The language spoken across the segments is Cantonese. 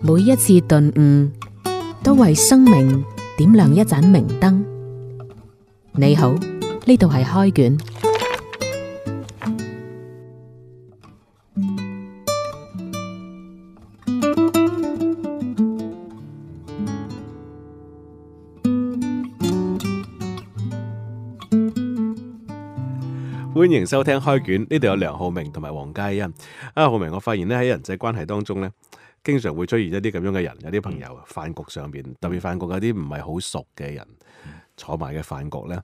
每一次頓悟，都為生命點亮一盞明燈。你好，呢度係開卷，歡迎收聽開卷。呢度有梁浩明同埋黃佳欣。啊，浩明，我發現呢喺人際關係當中呢。經常會出現一啲咁樣嘅人，有啲朋友、嗯、飯局上邊，特別飯局有啲唔係好熟嘅人、嗯、坐埋嘅飯局咧，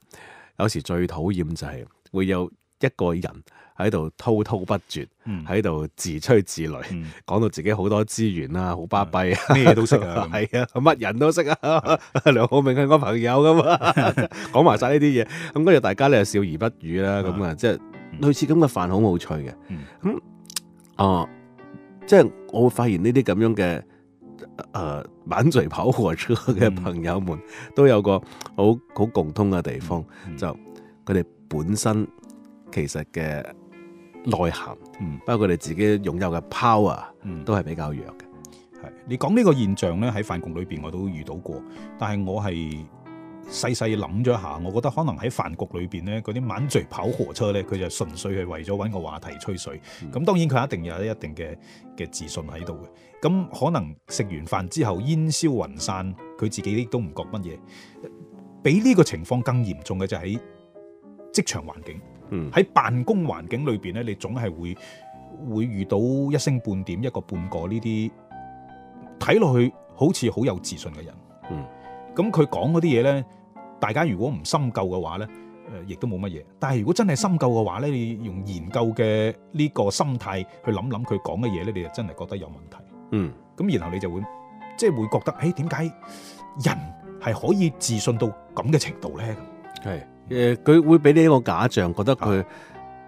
有時最討厭就係會有一個人喺度滔滔不絕，喺、嗯、度自吹自擂，講、嗯、到自己好多資源 啊，好巴閉，咩嘢都識啊，係啊，乜人都識啊， 梁浩明係我朋友㗎嘛，講埋晒呢啲嘢，咁跟住大家咧笑而不語啦，咁、嗯、啊，即係、嗯、類似咁嘅飯好冇趣嘅，咁、嗯、哦。嗯呃即係我會發現呢啲咁樣嘅誒，滿、呃、嘴跑火車嘅朋友們、嗯、都有個好好共通嘅地方，嗯、就佢哋本身其實嘅內涵、嗯，包括佢哋自己擁有嘅 power，、嗯、都係比較弱嘅。係你講呢個現象咧，喺飯局裏邊我都遇到過，但係我係。細細諗咗下，我覺得可能喺飯局裏邊咧，嗰啲滿嘴跑火車咧，佢就純粹係為咗揾個話題吹水。咁當然佢一定有一定嘅嘅自信喺度嘅。咁可能食完飯之後煙消雲散，佢自己都唔覺乜嘢。比呢個情況更嚴重嘅就喺職場環境，喺辦公環境裏邊咧，你總係會會遇到一星半點一個半個呢啲睇落去好似好有自信嘅人。咁佢講嗰啲嘢咧，大家如果唔深究嘅話咧，誒亦都冇乜嘢。但係如果真係深究嘅話咧，你用研究嘅呢個心態去諗諗佢講嘅嘢咧，你就真係覺得有問題。嗯。咁然後你就會即係、就是、會覺得，誒點解人係可以自信到咁嘅程度咧？係誒，佢、呃、會俾你一個假象，覺得佢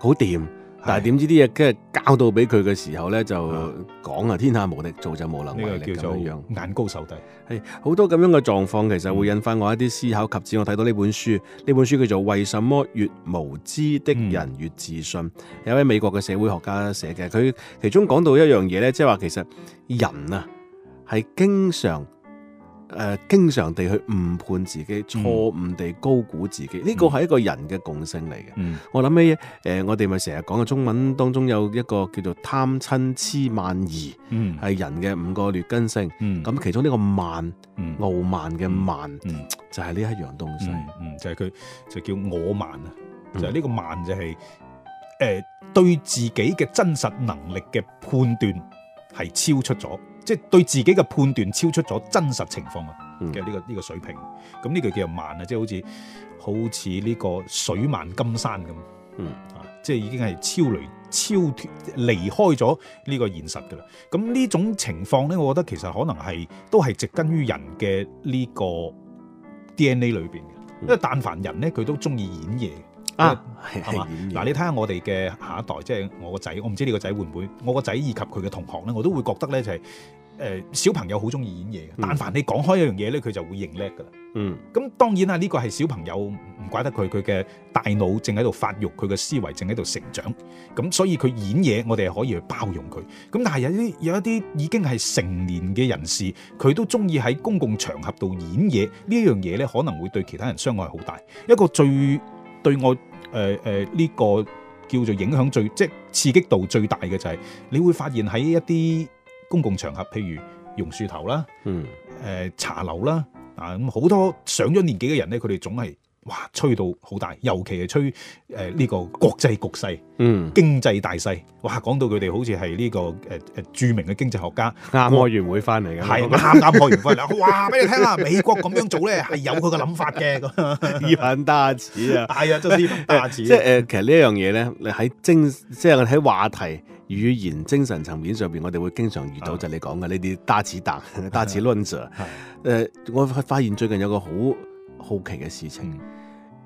好掂。但係點知啲嘢，跟住交到俾佢嘅時候咧，就講啊天下無敵，做就無能為力咁樣樣，這個、眼高手低。係好多咁樣嘅狀況，其實會引發我一啲思考、嗯。及至我睇到呢本書，呢本書叫做《為什麼越無知的人越自信》。嗯、有一位美國嘅社會學家寫嘅，佢其中講到一樣嘢咧，即係話其實人啊係經常。誒、呃，經常地去誤判自己，錯誤地高估自己，呢個係一個人嘅共性嚟嘅，嗯。我諗起誒、呃，我哋咪成日講嘅中文當中有一個叫做貪嗔痴慢疑，係、嗯、人嘅五個劣根性。咁、嗯、其中呢個慢，嗯、傲慢嘅慢，嗯嗯，就係、是、呢一樣東西，嗯嗯，就係、是、佢就叫我慢啊。就係、是、呢個慢就係、是、誒、嗯呃，對自己嘅真實能力嘅判斷係超出咗。即係對自己嘅判斷超出咗真實情況啊嘅呢個呢個水平，咁、嗯、呢個叫做慢啊，即係好似好似呢個水漫金山咁，嗯啊，即係已經係超雷超脱離開咗呢個現實噶啦。咁呢種情況咧，我覺得其實可能係都係植根於人嘅呢個 DNA 裏邊嘅，因、嗯、為但凡人咧，佢都中意演嘢。啊，係嘛？嗱，你睇下我哋嘅下一代，即係我個仔，我唔知你個仔會唔會，我個仔以及佢嘅同學咧，我都會覺得咧就係、是，誒、呃、小朋友好中意演嘢嘅、嗯。但凡你講開一樣嘢咧，佢就會認叻噶啦。嗯。咁當然啦，呢、這個係小朋友唔怪得佢，佢嘅大腦正喺度發育，佢嘅思維正喺度成長。咁所以佢演嘢，我哋係可以去包容佢。咁但係有啲有一啲已經係成年嘅人士，佢都中意喺公共場合度演嘢，呢樣嘢咧可能會對其他人傷害好大。一個最對我，誒、誒，呢個叫做影響最，即係刺激度最大嘅就係，你會發現喺一啲公共場合，譬如榕樹頭啦，嗯、誒、呃、茶樓啦，啊咁好多上咗年紀嘅人咧，佢哋總係。哇！吹到好大，尤其係吹誒呢、呃這個國際局勢、嗯、經濟大勢。哇！講到佢哋好似係呢個、呃、著名嘅經濟學家，啱開完會翻嚟嘅，係啱啱開完會翻嚟，話俾、嗯、你聽啦， 美國咁樣做咧係有佢嘅諗法嘅。依份搭子啊，係啊，就即、是、係、啊、其實，呃、其實這呢一樣嘢咧，你喺精，即係喺話題、語言、精神層面上面，我哋會經常遇到、啊、就係、是、你講嘅呢啲搭子搭、搭子論者。誒、我發現最近有個好。好奇嘅事情、嗯，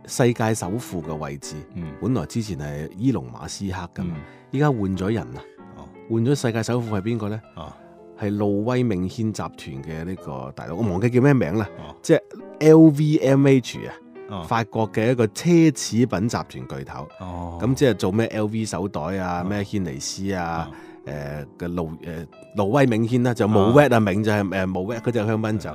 世界首富嘅位置，嗯，本來之前係伊隆馬斯克噶嘛，依家換咗人啦，哦，換咗世界首富係邊個咧？哦，係路威酩軒集團嘅呢個大佬、哦，我忘記叫咩名啦，即、哦、係、就是、LVMH 啊、哦，法國嘅一個奢侈品集團巨頭，哦，咁即係做咩 LV 手袋啊、咩、哦、軒尼詩啊。哦誒嘅露誒路威酩軒啦，就無味啊名就係誒無味嗰隻香檳酒，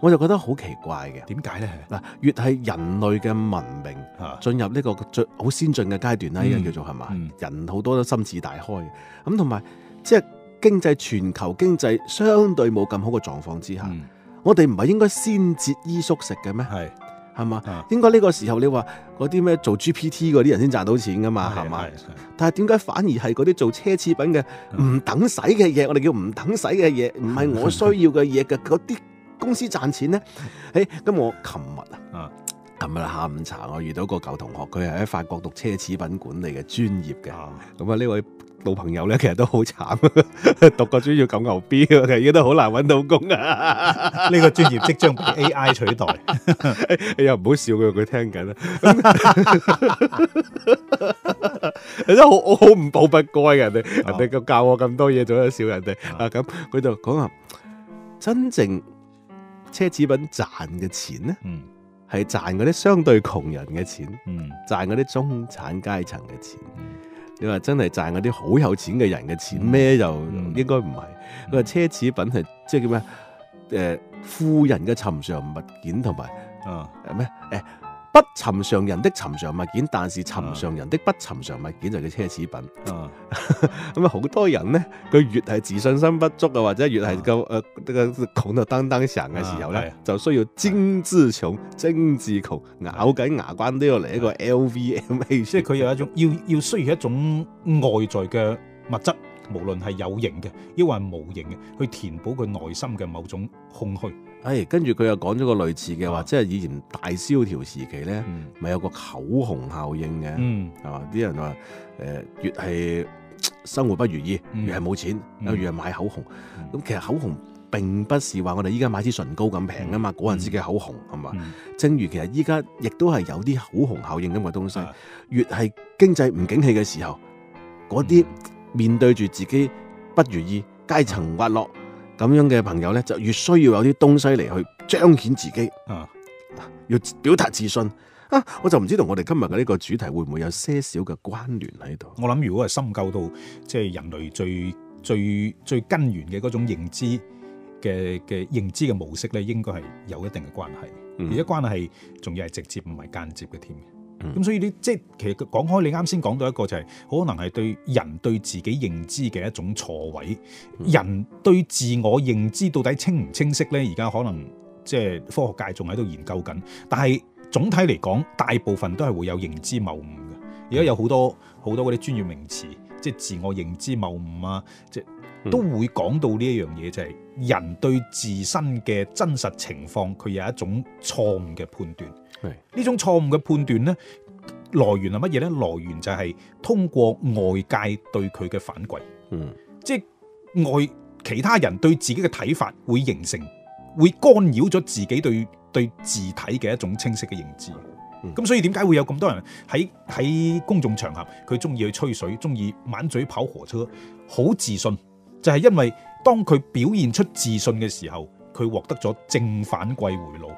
我就覺得好奇怪嘅。點解咧？嗱，越係人類嘅文明進入呢個最好先進嘅階段啦，依、啊、家、這個、叫做係嘛、嗯，人好多都心智大開嘅。咁同埋即係經濟全球經濟相對冇咁好嘅狀況之下，嗯、我哋唔係應該先節衣縮食嘅咩？係嘛、啊？應該呢個時候你話嗰啲咩做 GPT 嗰啲人先賺到錢噶嘛？係嘛？但係點解反而係嗰啲做奢侈品嘅唔、啊、等使嘅嘢，我哋叫唔等使嘅嘢，唔係我需要嘅嘢嘅嗰啲公司賺錢咧？誒、咁、哎、我琴日啊，琴日下午茶我遇到個舊同學，佢係喺法國讀奢侈品管理嘅專業嘅。咁啊呢位。老朋友咧，其實都好慘，讀個專業咁牛逼，其實而家都好難揾到工 啊！呢、這個專業即將被 AI 取代，你又唔好笑佢、哎，佢、哎、聽緊 啊！你都好，我好唔寶不該，人哋人哋咁教我咁多嘢，做，有笑人哋啊！咁佢就講啊，真正奢侈品賺嘅錢咧，嗯，係賺嗰啲相對窮人嘅錢，嗯，賺嗰啲中產階層嘅錢。你話真係賺嗰啲好有錢嘅人嘅錢咩？嗯、又應該唔係。佢、嗯、話奢侈品係即係叫咩？誒、呃、富人嘅尋常物件同埋，誒咩？誒、嗯。呃、什麼、哎不尋常人的尋常物件，但是尋常人的不尋常物件就叫奢侈品。咁啊，好、啊、 多人咧，佢越係自信心不足啊，或者越係夠誒，呢個窮到登登成嘅時候咧，就需要精緻、啊、重，精緻窮咬緊牙關都要嚟一個 LVM，即係佢有一種要要需要一種外在嘅物質，無論係有形嘅，抑或係無形嘅，去填補佢內心嘅某種空虛。誒、哎，跟住佢又講咗個類似嘅話，哦、即係以前大蕭條時期咧，咪、嗯、有個口紅效應嘅，係、嗯、嘛？啲人話誒、呃，越係生活不如意，嗯、越係冇錢，嗯、越係買口紅。咁、嗯、其實口紅並不是話我哋依家買支唇膏咁平啊嘛，嗰、嗯、陣時嘅口紅係嘛、嗯？正如其實依家亦都係有啲口紅效應咁嘅東西，嗯、越係經濟唔景氣嘅時候，嗰、嗯、啲面對住自己不如意階層滑落。嗯嗯咁樣嘅朋友咧，就越需要有啲東西嚟去彰顯自己，啊，要表達自信啊！我就唔知道我哋今日嘅呢個主題會唔會有些少嘅關聯喺度。我諗如果係深究到即係人類最最最根源嘅嗰種認知嘅嘅認知嘅模式咧，應該係有一定嘅關係。嗯，而且關係仲要係直接唔係間接嘅添。咁、嗯、所以你即係其實講開，你啱先講到一個就係、是、可能係對人對自己認知嘅一種錯位。人對自我認知到底清唔清晰咧？而家可能即係科學界仲喺度研究緊，但係總體嚟講，大部分都係會有認知謬誤嘅。而家有好多好、嗯、多嗰啲專業名詞，即係自我認知謬誤啊，即係都會講到呢一樣嘢，就係、是、人對自身嘅真實情況，佢有一種錯誤嘅判斷。呢種錯誤嘅判斷呢，來源係乜嘢呢？來源就係通過外界對佢嘅反饋，嗯，即係外其他人對自己嘅睇法會形成，會干擾咗自己對對自體嘅一種清晰嘅認知。咁、嗯、所以點解會有咁多人喺喺公眾場合，佢中意去吹水，中意滿嘴跑火車，好自信，就係、是、因為當佢表現出自信嘅時候，佢獲得咗正反饋回路。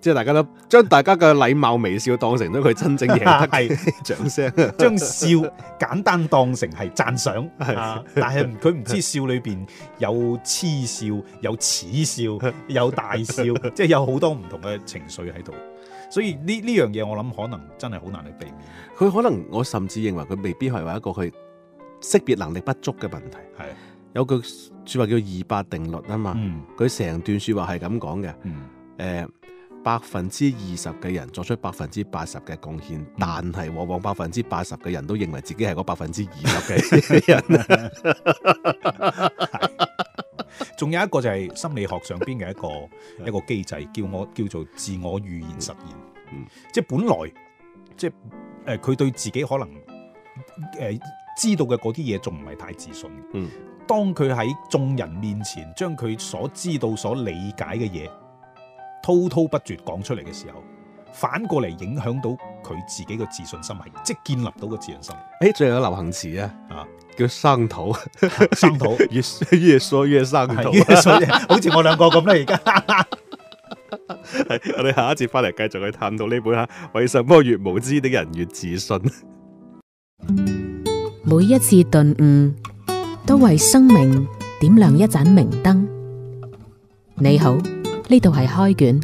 即係大家都將大家嘅禮貌微笑當成咗佢真正贏得嘅掌聲， 將笑簡單當成係讚賞，但係佢唔知道笑裏邊有痴笑， 有恥笑、有大笑，即 係有好多唔同嘅情緒喺度。所以呢呢樣嘢我諗可能真係好難去避免。佢可能我甚至認為佢未必係話一個佢識別能力不足嘅問題。係有一句說話叫二八定律啊嘛，佢、嗯、成段說話係咁講嘅，誒、嗯。呃百分之二十嘅人作出百分之八十嘅貢獻，但係往往百分之八十嘅人都認為自己係嗰百分之二十嘅人。仲 有一個就係心理學上邊嘅一個一個機制，叫我叫做自我預言實驗。嗯，即係本來即係佢對自己可能誒知道嘅嗰啲嘢仲唔係太自信。嗯，當佢喺眾人面前將佢所知道、所理解嘅嘢。滔滔不絕講出嚟嘅時候，反過嚟影響到佢自己嘅自信心係，即係建立到個自信心。誒、欸，最後有流行詞啊，啊，叫上頭，上頭 越越說越上頭，越越 好似我兩個咁啦。而 家現在 我哋下一節翻嚟繼續去探討呢本《哈為什麼越無知的人越自信》。每一次頓悟，都為生命點亮一盞明燈。你好。呢度係開卷，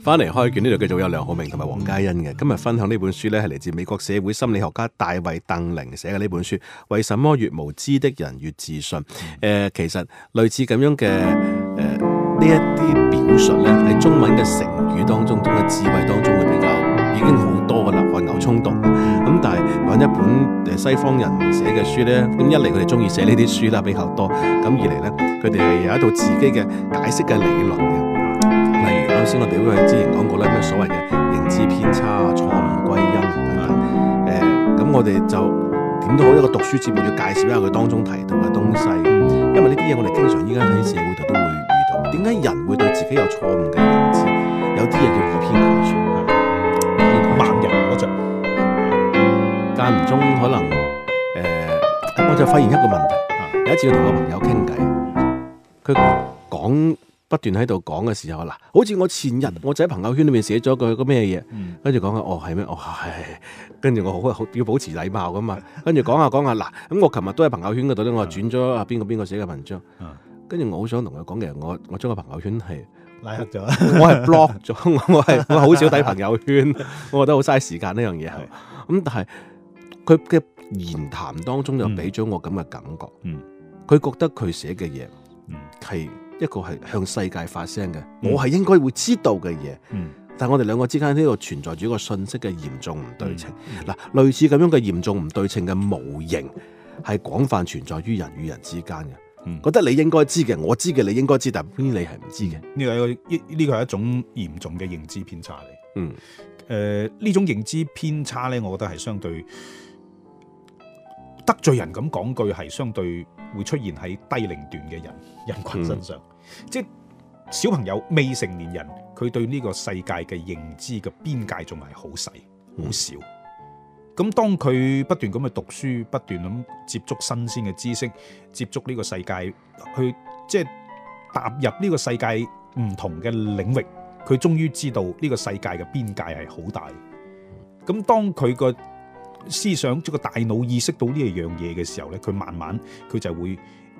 翻嚟開卷呢度繼續有梁浩明同埋黃嘉欣嘅。今日分享呢本書呢係嚟自美國社會心理學家大衛鄧寧寫嘅呢本書。為什麼越無知的人越自信？誒、呃，其實類似咁樣嘅。呢一啲表述咧，喺中文嘅成語當中，同埋智慧當中，會比較已經好多嘅啦，汗牛充棟。咁但係講一本誒西方人寫嘅書咧，咁一嚟佢哋中意寫呢啲書啦比較多，咁二嚟咧佢哋係有一套自己嘅解釋嘅理論嘅。例如啱先我哋都係之前講過啦，咩所謂嘅認知偏差啊、錯誤歸因啊，誒、嗯、咁我哋就點都好一個讀書節目要介紹一下佢當中提到嘅東西，因為呢啲嘢我哋經常依家喺社會度都會。點解人會對自己有錯誤嘅認知？有啲嘢叫以偏概全，萬人我就間唔中可能誒、呃，我就發現一個問題。啊、有一次我同我朋友傾偈，佢講不斷喺度講嘅時候，嗱，好似我前日我就喺朋友圈裏面寫咗句「個咩嘢，跟住講哦係咩？哦係，跟住、哦哎、我好要保持禮貌噶嘛，跟住講下講下，嗱，咁我琴日都喺朋友圈嗰度咧，我轉咗邊個邊個寫嘅文章。啊。我想跟住我好想同佢講嘅，我我將個朋友圈係拉黑咗， 我係 block 咗，我係我好少睇朋友圈， 我覺得好嘥時間呢樣嘢係。咁但係佢嘅言談當中又俾咗我咁嘅感覺，佢、嗯、覺得佢寫嘅嘢，嗯，係一個係向世界發聲嘅、嗯，我係應該會知道嘅嘢、嗯，但係我哋兩個之間呢個存在住一個信息嘅嚴重唔對稱，嗱、嗯，類似咁樣嘅嚴重唔對稱嘅模型係廣泛存在於人與人之間嘅。嗯、覺得你應該知嘅，我知嘅，你應該知，但係你係唔知嘅。呢個呢呢個係一種嚴重嘅認知偏差嚟。嗯，誒、呃、呢種認知偏差咧，我覺得係相對得罪人咁講句，係相對會出現喺低齡段嘅人人群身上，嗯、即係小朋友、未成年人，佢對呢個世界嘅認知嘅邊界仲係好細、好少。嗯咁當佢不斷咁去讀書，不斷咁接觸新鮮嘅知識，接觸呢個世界，去即係、就是、踏入呢個世界唔同嘅領域，佢終於知道呢個世界嘅邊界係好大的。咁、嗯、當佢個思想即係、個大腦意識到呢一樣嘢嘅時候呢，佢慢慢佢就會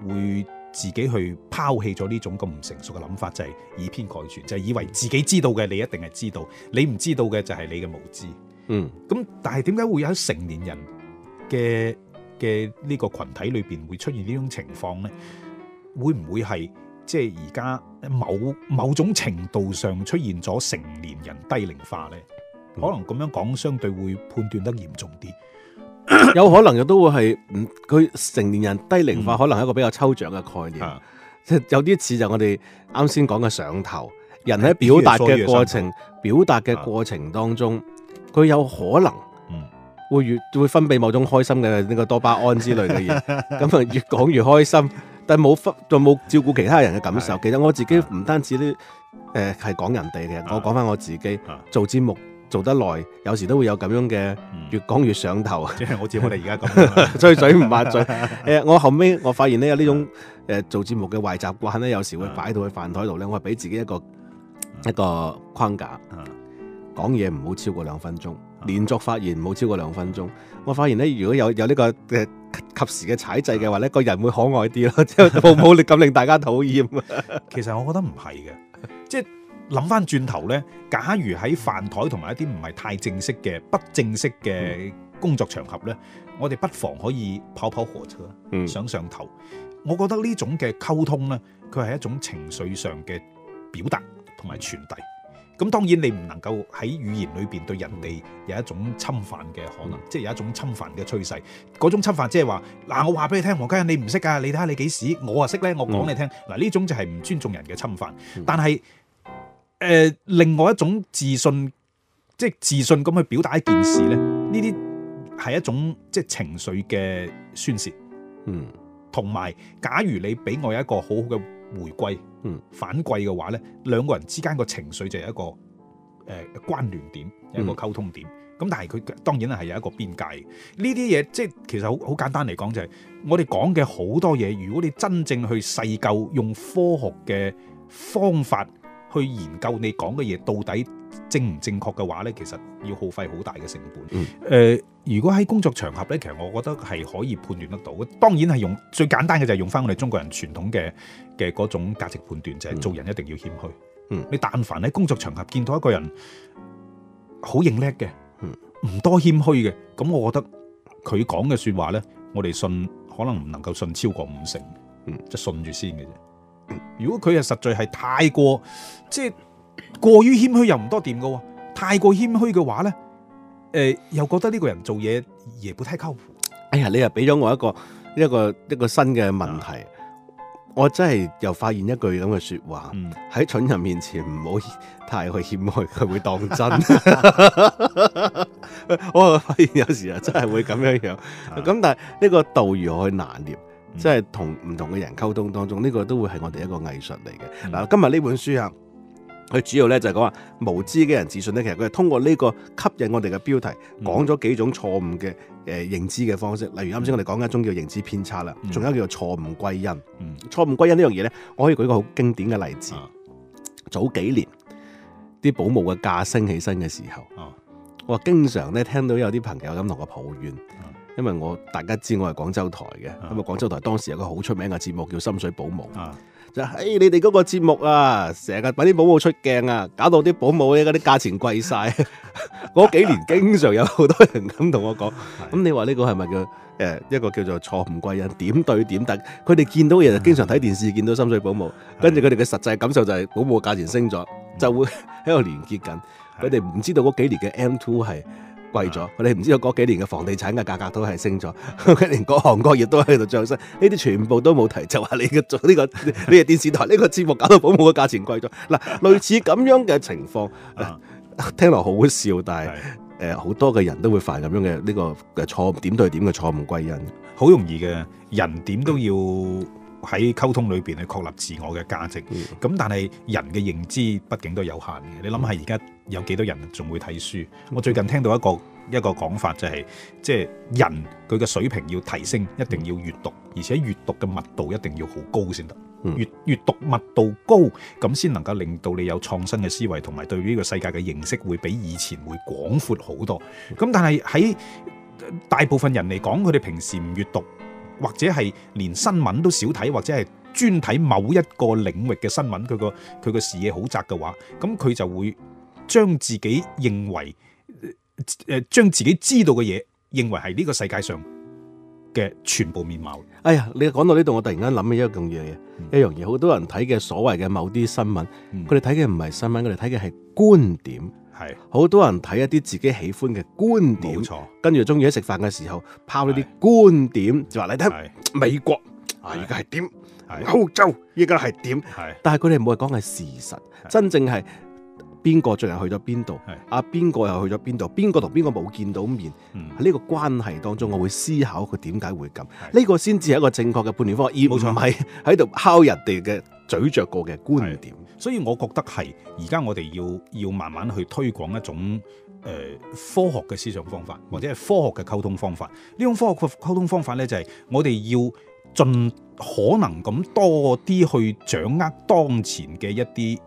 會自己去拋棄咗呢種咁唔成熟嘅諗法，就係、是、以偏概全，就係、是、以為自己知道嘅你一定係知道，你唔知道嘅就係你嘅無知。嗯，咁但係點解會有喺成年人嘅嘅呢個群體裏邊會出現呢種情況呢？會唔會係即係而家某某種程度上出現咗成年人低齡化呢？嗯、可能咁樣講相對會判斷得嚴重啲，有可能亦都會係佢成年人低齡化可能係一個比較抽象嘅概念，即、嗯、有啲似就我哋啱先講嘅上頭人喺表達嘅過程，表達嘅過程、嗯、過程當中。佢有可能，嗯，會越會分泌某種開心嘅呢個多巴胺之類嘅嘢，咁 啊越講越開心，但冇分就冇照顧其他人嘅感受。其實我自己唔單止呢，誒係講人哋嘅，我講翻我自己、啊、做節目做得耐，有時都會有咁樣嘅、嗯，越講越上頭，即、就、係、是、好似我哋而家咁，吹水唔抹嘴。誒， 我後尾我發現呢，有呢種，誒做節目嘅壞習慣咧，有時會擺到去飯枱度咧，我係俾自己一個、啊、一個框架。啊講嘢唔好超過兩分鐘，連續發言唔好超過兩分鐘。我發現咧，如果有有呢、這個嘅及時嘅踩掣嘅話咧，個人會可愛啲咯，冇冇力咁令大家討厭。其實我覺得唔係嘅，即係諗翻轉頭咧，假如喺飯台同埋一啲唔係太正式嘅不正式嘅工作場合咧，嗯、我哋不妨可以跑跑火車，上上頭。嗯、我覺得呢種嘅溝通咧，佢係一種情緒上嘅表達同埋傳遞。咁當然你唔能夠喺語言裏邊對人哋有一種侵犯嘅可能，嗯、即係有一種侵犯嘅趨勢。嗰種侵犯即係話嗱，我話俾你聽，黃家欣你唔識㗎，你睇下你幾屎幾時，我啊識咧，我講你聽嗱，呢、嗯、種就係唔尊重人嘅侵犯。嗯、但係誒、呃，另外一種自信，即係自信咁去表達一件事咧，呢啲係一種即係情緒嘅宣泄。嗯，同埋，假如你俾我有一個好好嘅迴歸，反季嘅話咧，兩個人之間個情緒就係一個誒、呃、關聯點，一個溝通點。咁、嗯、但係佢當然係有一個邊界。呢啲嘢即係其實好好簡單嚟講、就是，就係我哋講嘅好多嘢，如果你真正去細究用科學嘅方法，去研究你講嘅嘢到底正唔正確嘅話呢，其實要耗費好大嘅成本。嗯。呃、如果喺工作場合呢，其實我覺得係可以判斷得到。當然係用最簡單嘅就係用翻我哋中國人傳統嘅嘅嗰種價值判斷，就係、是、做人一定要謙虛。嗯、你但凡喺工作場合見到一個人好認叻嘅，唔、嗯、多謙虛嘅，咁我覺得佢講嘅説話呢，我哋信可能唔能夠信超過五成。嗯。即、就、係、是、信住先嘅啫。如果佢係實在係太過，即係過於謙虛又唔多掂嘅，太過謙虛嘅話咧，誒、呃，又覺得呢個人做嘢嘢不太靠譜。哎呀，你又俾咗我一個一個一個新嘅問題，嗯、我真係又發現一句咁嘅說話，喺、嗯、蠢人面前唔好太去謙虛，佢會當真。 我發現有時啊真係會咁樣樣，咁、嗯、但係呢個道如何難念？即、嗯、係同唔同嘅人溝通當中，呢、這個都會係我哋一個藝術嚟嘅。嗱、嗯，今日呢本書啊，佢主要咧就係講話無知嘅人自信咧，其實佢係通過呢個吸引我哋嘅標題，嗯、講咗幾種錯誤嘅誒、呃、認知嘅方式，例如啱先我哋講緊一種叫認知偏差啦，仲、嗯、有叫做錯誤歸因。嗯，錯誤歸因呢樣嘢咧，我可以舉一個好經典嘅例子、嗯嗯。早幾年，啲保姆嘅價升起身嘅時候、嗯嗯，我經常咧聽到有啲朋友咁同我抱怨。嗯嗯因為我大家知我係廣州台嘅，咁啊廣州台當時有個好出名嘅節目叫《深水保姆》，嗯、就係、是哎、你哋嗰個節目啊，成日把啲保姆出鏡啊，搞到啲保姆咧嗰啲價錢貴晒。嗰 幾年經常有好多人咁同我講，咁 你話呢個係咪叫誒一個叫做錯誤歸因點對點？但佢哋見到嘅嘢經常睇電視，見、嗯、到《深水保姆》，跟住佢哋嘅實際感受就係保姆價錢升咗，就會喺度連接緊。佢哋唔知道嗰幾年嘅 M two 係。貴咗，你唔知道嗰幾年嘅房地產嘅價格都係升咗，連各行各業都喺度漲薪，呢啲全部都冇提，就話你嘅做呢個呢個電視台呢個節目搞到保姆嘅價錢貴咗。嗱，類似咁樣嘅情況，聽落好好笑，但係誒好多嘅人都會犯咁樣嘅呢個嘅錯誤點對點嘅錯誤歸因，好容易嘅人點都要喺溝通裏邊去確立自我嘅價值。咁但係人嘅認知畢竟都有限嘅，你諗下而家。有幾多人仲會睇書？我最近聽到一個一個講法，就係，就係即係人佢嘅水平要提升，一定要閱讀，而且閱讀嘅密度一定要好高先得。閲閱，閱讀密度高，咁先能夠令到你有創新嘅思維，同埋對於呢個世界嘅認識會比以前會廣闊好多。咁但係喺大部分人嚟講，佢哋平時唔閱讀，或者係連新聞都少睇，或者係專睇某一個領域嘅新聞，佢個佢嘅視野好窄嘅話，咁佢就會。將自己認為誒，將自己知道嘅嘢認為係呢個世界上嘅全部面貌。哎呀，你講到呢度，我突然間諗起一個咁樣嘅嘢，一樣嘢，好多人睇嘅所謂嘅某啲新聞，佢哋睇嘅唔係新聞，佢哋睇嘅係觀點。係、嗯，好多人睇一啲自己喜歡嘅觀點。冇錯，跟住又中意喺食飯嘅時候拋呢啲觀點，就話你睇美國啊，而家係點？係，歐洲而家係點？係，但係佢哋唔會講係事實，是真正係。邊個最近去咗邊度？阿邊個又去咗邊度？邊個同邊個冇見到面？喺呢個關係當中，我會思考佢點解會咁。呢、嗯，呢個先至係一個正確嘅判斷方法，而冇錯係喺度敲人哋嘅咀嚼過嘅觀點。所以，我覺得係而家我哋要要慢慢去推廣一種誒、呃、科學嘅思想方法，或者係科學嘅溝通方法。呢種科學嘅溝通方法咧，就係、是、我哋要盡可能咁多啲去掌握當前嘅一啲誒、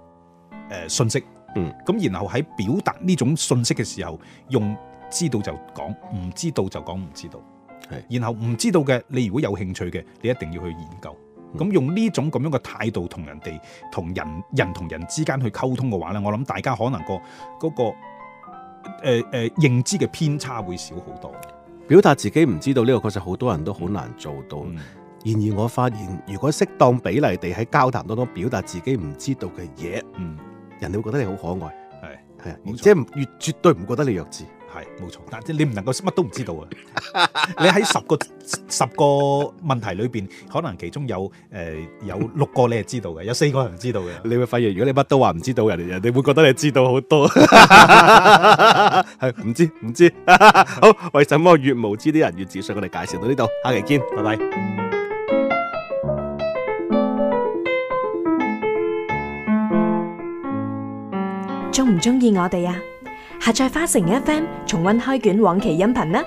呃、信息。嗯，咁然後喺表達呢種信息嘅時候，用知道就講，唔知道就講唔知道，係，然後唔知道嘅，你如果有興趣嘅，你一定要去研究。咁、嗯、用呢種咁樣嘅態度同人哋，同人人同人，人之間去溝通嘅話呢，我諗大家可能、嗰個嗰、嗰個誒誒、呃、認知嘅偏差會少好多。表達自己唔知道呢個確實好多人都好難做到、嗯。然而我發現，如果適當比例地喺交談當中表達自己唔知道嘅嘢，嗯。人哋會覺得你好可愛，係係啊，即係越絕對唔覺得你弱智，係冇錯。但係你唔能夠乜都唔知道啊！你喺十個十個問題裏邊，可能其中有誒有六個你係知道嘅，有四個係唔知道嘅。你會發現，如果你乜都話唔知道，人哋人哋會覺得你知道好多。係唔知唔知，好，為什麼越無知啲人越自信？我哋介紹到呢度，下期見，拜拜。中唔中意我哋啊？下載花城 FM 重溫開卷往期音頻啦！